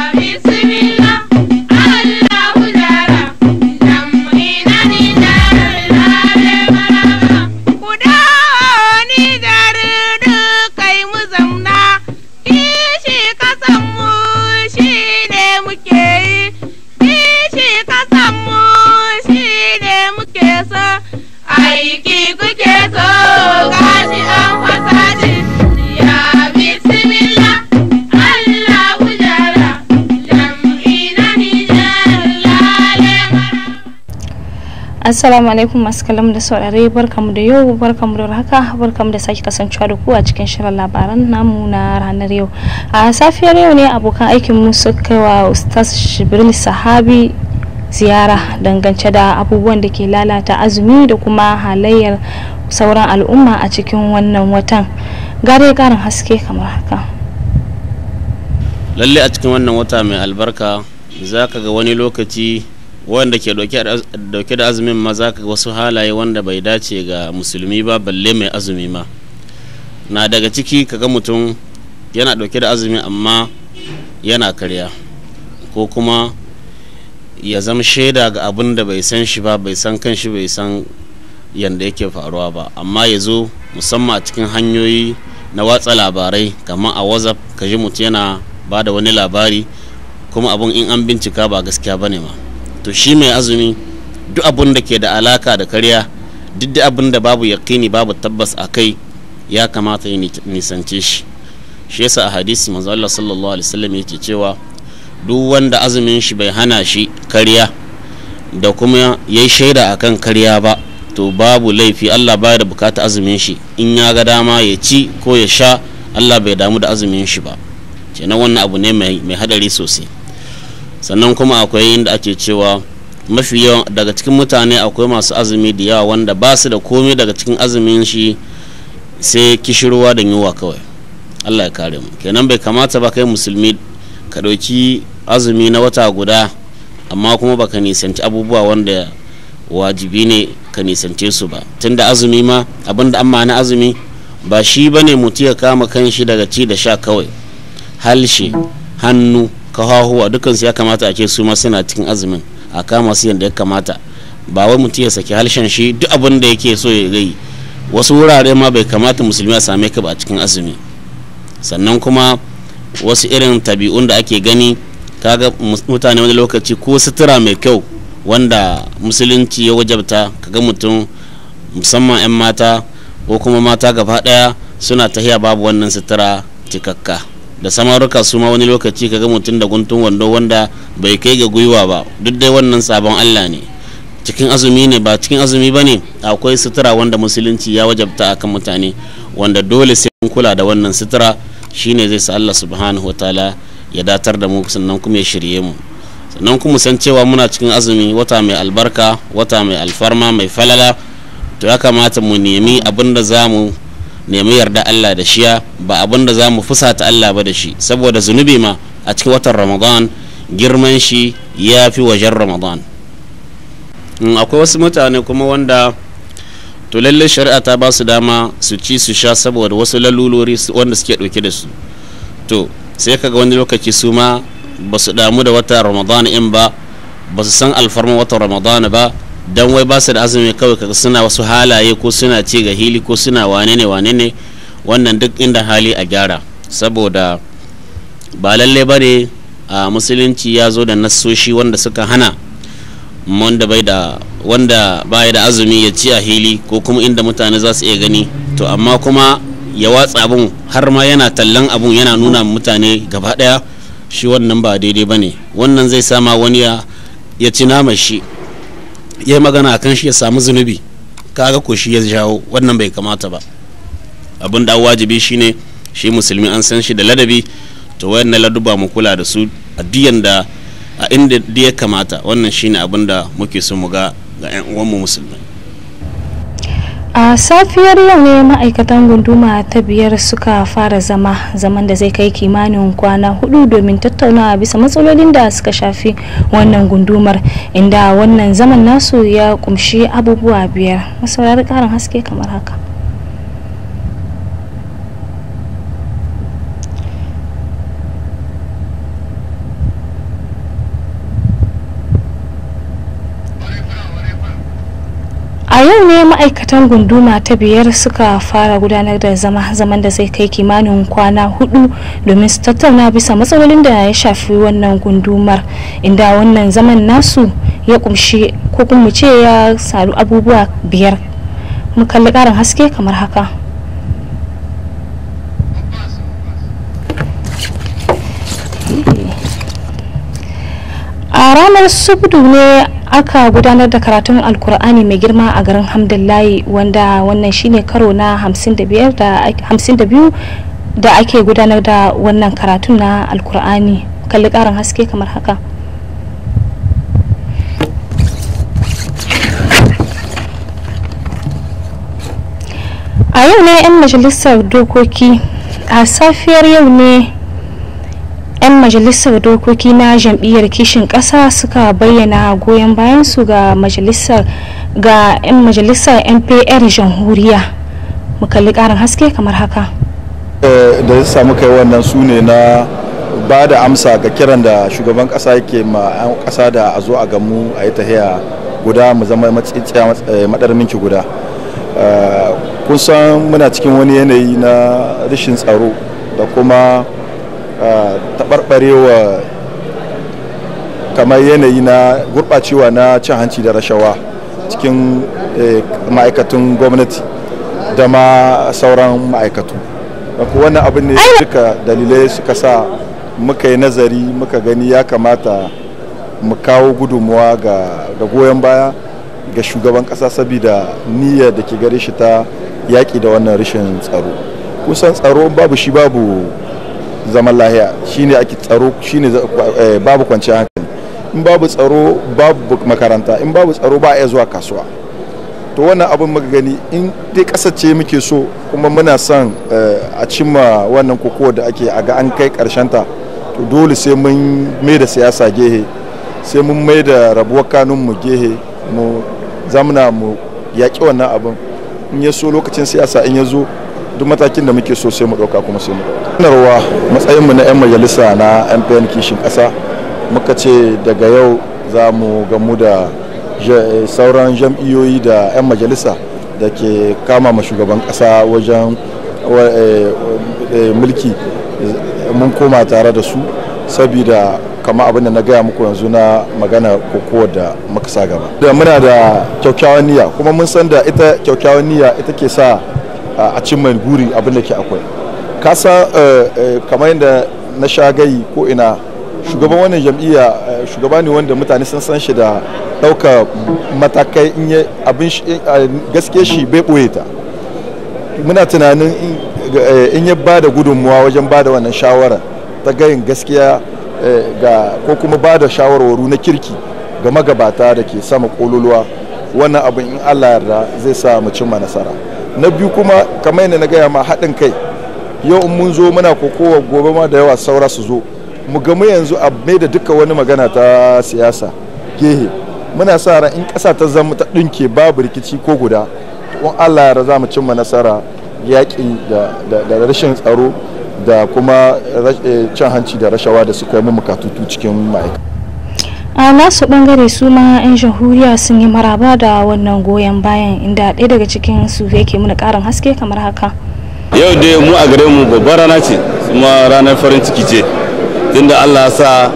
Paris, assalamu alaikum masu kalam da saurare barkamu da yau barkamu da haka barkamu da sake kasancewa da ku a cikin shirin labaran namu na ranar yau a safiyar yau ne abokan aikin mu suka wa ustaz shibril sahabi ziyara dangance da abubuwan da ke lalata azumi da kuma halayyar sauran al'umma a cikin wannan watan gare karin haske kamar haka lalle a cikin wannan wata mai albarka za ka ga wani lokaci wanda ke dauke da azumin ma za ka wasu halaye wanda bai dace ga musulmi ba balle mai azumi ma na daga ciki kaga mutum yana dauke da azumi amma yana karya ko kuma ya zama shaida ga abin da bai san shi ba bai san kan shi bai san yadda yake faruwa ba amma ya zo musamman a cikin hanyoyi na watsa labarai kamar a wazaf ka ji mutum yana ba da wani labari kuma abin in an bincika ba gaskiya ba ne ma to shi mai azumi duk abin da ke da alaka da karya duk da abin da babu yaƙini babu tabbas a kai ya kamata ya nisance shi shi yasa a hadisi manzo sallallahu alaihi wasallam yake cewa duk wanda azumin shi bai hana shi karya da kuma yayi shaida akan karya ba to babu laifi Allah baya da bukata azumin shi in ya ga dama ya ci ko ya sha Allah bai damu da azumin shi ba kenan wannan abu ne mai hadari sosai sannan kuma akwai inda ake cewa mafi yawan daga cikin mutane akwai masu azumi da yawa wanda ba su da komai daga cikin azumin shi sai kishirwa da yunwa kawai allah ya kare mu kenan bai kamata ba kai musulmi ka ɗauki azumi na wata guda amma kuma baka nisanci abubuwa wanda wajibi ne ka nisance su ba tunda azumi ma da amma na azumi ba shi ba ne mutu ya kama kan shi daga ci da sha kawai halshe hannu dukkan dukansu ya kamata a ce su ma suna cikin azumin a kama su yadda ya kamata ba wai mutum ya saki harshen shi duk abin da yake so ya gai wasu wurare ma bai kamata musulmi a same ka ba a cikin azumi sannan kuma wasu irin tabi'un da ake gani kaga mutane wani lokaci ko sutura mai kyau wanda musulunci ya wajabta kaga mutum musamman 'yan mata ko kuma mata gaba daya suna tahiya babu wannan sutura cikakka da samaruka su ma wani lokaci ka kaga mutum da guntun wando wanda bai kai ga gwiwa ba duk dai wannan sabon Allah ne cikin azumi ne ba cikin azumi ba ne akwai sutura wanda musulunci ya wajabta akan mutane wanda dole sai mun kula da wannan sutura shine zai sa Allah subhanahu wataala ya datar da mu sannan kuma ya shirye mu sannan kuma san cewa muna cikin azumi wata mai albarka wata mai alfarma mai falala to ya kamata mu nemi abin da za mu nemi yarda Allah da shiya ba abin da za mu fusata Allah ba da shi saboda zunubi ma a cikin watan ramadan girman shi ya fi wajen ramadan akwai wasu mutane kuma wanda to lalle shari'a ta ba su dama su ci su sha saboda wasu lalulori wanda suke ɗauke da su to sai kaga wani lokaci su ma ba su damu da wata ramadan in ba ba su san alfarmar watan ramadan ba dan wai ba su da azumi kawai kaga suna wasu halaye ko suna ce ga hili ko suna wane ne wane ne wannan duk inda hali a gyara saboda ba lalle ba ne a musulunci ya zo da nasoshi wanda suka hana wanda bai da wanda baya da azumi ya ci a hili ko kuma inda mutane za su iya gani to amma kuma ya watsa abun har ma yana tallan abun yana nuna mutane gaba daya shi wannan ba daidai ba ne wannan zai sama wani ya ci nama shi ya yi magana kan shi ya samu zunubi kaga ko shi ya jawo wannan bai kamata ba abin da wajibi shi ne shi musulmi an san shi da ladabi to wayannan laduba mu kula da su a diyan da a inda ya kamata wannan shine abin da muke so mu ga ga 'yan uwanmu musulmi a safiyar yau ne ma'aikatan gunduma ta biyar suka fara zama zaman da zai kai kimanin kwana hudu domin tattaunawa bisa matsalolin da suka shafi wannan gundumar inda wannan zaman nasu ya kumshi abubuwa biyar masaurari karin haske kamar haka a yau ne ma'aikatan gunduma ta biyar suka fara gudanar da zama zaman da zai kai kimanin kwana hudu domin su tattauna bisa matsalolin da ya shafi wannan gundumar inda wannan zaman nasu ya kumshi ko kuma ce ya saru abubuwa biyar mu kalli karin haske kamar haka a ranar subdu ne aka gudanar da karatun alkur'ani mai girma a garin hamdullahi wanda wannan shine karo na 52 da ake gudanar da wannan karatun na alkur'ani kalli karin haske kamar haka a yau ne 'yan majalisar dokoki a safiyar yau ne 'yan majalisar dokoki na jam'iyyar kishin ƙasa suka bayyana goyon bayansu ga majalisar ga 'yan majalisar npr jamhuriya mu kalli ƙarin haske kamar haka eh, da ya samu kai wannan su ne na ba da amsa ga kiran da shugaban ƙasa yake ma 'yan ƙasa da a zo a gamu a yi tahiya guda mu zama matsitsiya madar eh, minki guda eh, kun san muna cikin wani yanayi na rashin tsaro da kuma taɓarɓarewa kamar yanayi na gurɓacewa na cin hanci da rashawa cikin eh, ma'aikatan gwamnati da ma sauran ma'aikatu wannan abin ne duka dalilai suka sa muka yi nazari muka gani ya kamata mu kawo gudunmuwa ga goyon baya ga shugaban ƙasa saboda niyya da ke gare shi ta yaƙi da wannan rashin tsaro kusan tsaro babu shi babu zaman lahiya shine ake tsaro shine eh, babu kwanciyar hankali in babu tsaro babu makaranta in babu tsaro ba a zuwa kasuwa to wannan abin muka gani in dai kasance ce muke so kuma muna son eh, a cimma wannan kokowa da ake a ga an kai karshen ta to dole sai mun mai da siyasa gehe sai mun mai da rabuwar kanun mu gehe mu zamna mu yaƙi wannan abin in ya so lokacin siyasa in ya zo duk matakin da muke so sai mu ɗauka kuma sai mu ɗauka. sanarwa matsayinmu na 'yan majalisa na mpn kishin kasa muka ce daga yau za mu gamu da sauran jam'iyyoyi da 'yan majalisa da ke kama ma shugaban kasa wajen eh, eh, mulki mun koma tare da su saboda kama abin da na gaya muku yanzu na magana kokowa da makasa gaba da muna da kyakkyawan niyya kuma mun san da ita kyakkyawan niyya ita ke sa a cimma guri abin da ke akwai kasa eh, eh, kamar yadda na sha gai ko ina shugaban wannan jam'iyya eh, shugaba ne wanda mutane sun san shi da ɗauka matakai in abin gaske shi bai ɓoye ta muna tunanin in ya ba da gudunmuwa wajen ba da wannan shawara ta gayin gaskiya ga ko kuma ba da shawarwaru na kirki ga magabata da ke sama kololuwa wannan abin in allah yarda zai sa mu cimma nasara na biyu kuma kamar yadda na gaya ma haɗin kai yau in mun zo muna kokowa gobe ma da yawa saura su zo mu gamu yanzu a mai da duka wani magana ta siyasa gehe muna sa ran in ƙasa ta zama ta ɗinke babu rikici ko guda in allah ya za mu cimma nasara yaƙi da rashin tsaro da kuma eh, cin hanci da rashawa da suka yi mu cikin ma'aikata a nasu bangare su ma 'yan jamhuriya sun yi maraba da wannan goyon bayan inda ɗaya daga cikin su yake muna ƙarin haske kamar haka yau dai mu a gare mu babbar rana ce kuma ranar farin ciki ce tunda allah sa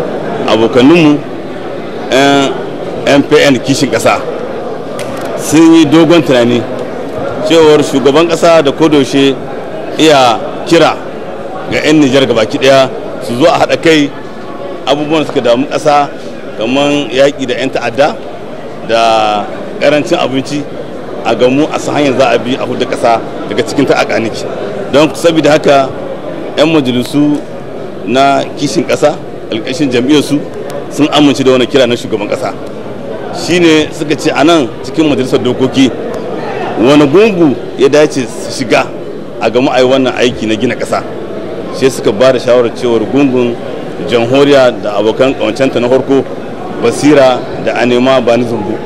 abokaninmu 'yan mpn kishin ƙasa sun yi dogon tunani cewar shugaban ƙasa da kodoshe iya kira ga 'yan nijar gabaki ɗaya su zo a haɗa kai abubuwan suka damu ƙasa kamar yaƙi da 'yan ta'adda da ƙarancin abinci a gamu a san hanyar za a bi a hudu ƙasa daga cikin ta akaniki don saboda haka 'yan majalisu na kishin ƙasa alƙashin jam'iyyarsu sun amince da wani kira na shugaban ƙasa shine suka ce a nan cikin majalisar dokoki wani gungu ya dace su shiga a gamu a yi wannan aiki na gina ƙasa sai suka ba da shawarar cewar gungun jamhuriya da abokan ƙawancenta na farko basira da anema ba ni zumbu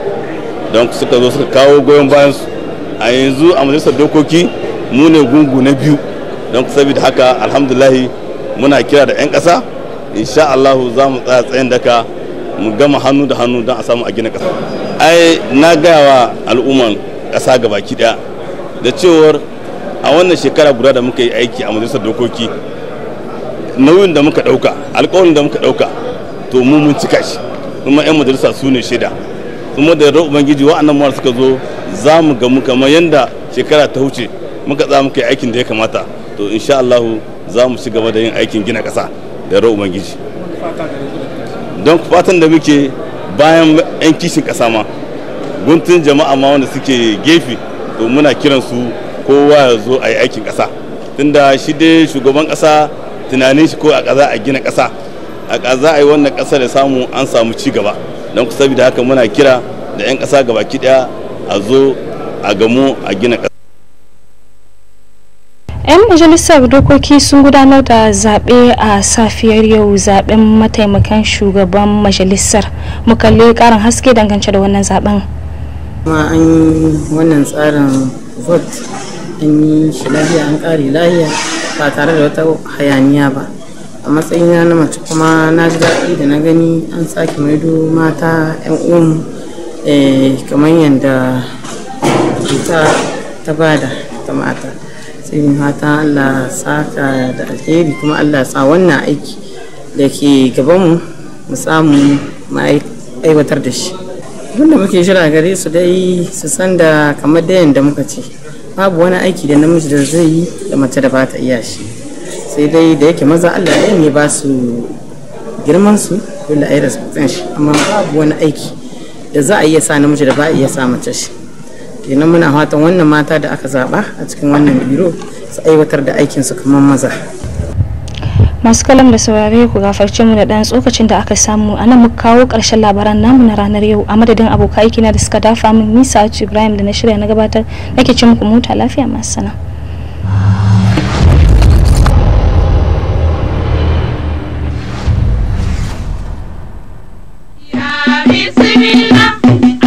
don suka zo suka kawo goyon bayan su a yanzu a majalisar dokoki mu ne gungu na biyu don saboda haka alhamdulahi muna kira da 'yan ƙasa insha allahu za mu tsaya tsayin daka mu gama hannu da hannu don a samu a gina ƙasa ai na gawa al'umman ƙasa baki ɗaya da cewar a wannan shekara guda da muka yi aiki a majalisar dokoki nauyin da muka ɗauka alƙawarin da muka ɗauka to mu mun cika shi kuma 'yan majalisa su ne shida kuma da yardar ubangiji wa'annan mawar suka zo za mu gamu kamar yadda shekara ta huce muka za muka yi aikin da ya kamata to insha Allah za mu ci gaba da yin aikin gina ƙasa da yardar ubangiji don fatan da muke bayan 'yan kishin ƙasa ma guntun jama'a ma wanda suke gefe to muna kiran su kowa ya zo a yi aikin ƙasa tunda shi dai shugaban ƙasa tunanin shi ko a ƙasa a gina ƙasa a za a yi wannan ƙasa da samu an samu ci gaba don ku saboda haka muna kira da 'yan ƙasa gaba ɗaya a zo a gamo a gina ƙasa 'yan majalisar dokoki sun gudanar da zaɓe a safiyar yau zaɓen mataimakan shugaban majalisar mu kalli ƙarin haske dangance da wannan zaɓen kuma an wannan tsarin vote an yi shi lahiya an ƙare lahiya ba tare da wata hayaniya ba a matsayin na mace kuma na ji daɗi da na gani an sake maido mata 'yan uwan eh, kamar yadda ta ta bada ta mata sai mata Allah saka da alheri kuma Allah sa wannan aiki da ke gabanmu mu samu aiwatar da shi wanda muke shira gare su dai su san da kamar da yadda muka ce babu wani aiki da namiji da zai yi da mace da ba ta iya shi sai dai da yake maza Allah ya ne ba su girman su dole a yi respectin shi amma babu wani aiki da za a iya sa namiji da ba a iya sa mace shi kenan muna fatan wannan mata da aka zaba a cikin wannan biro su aiwatar da aikin su kamar maza masu kalam da saurare ku gafarce mu da dan tsokacin da aka samu a nan mu kawo karshen labaran namu na ranar yau a madadin abokai kina da suka dafa min nisa ibrahim da na shirya na gabatar nake ce muku mota lafiya masu sana'a Bismillah.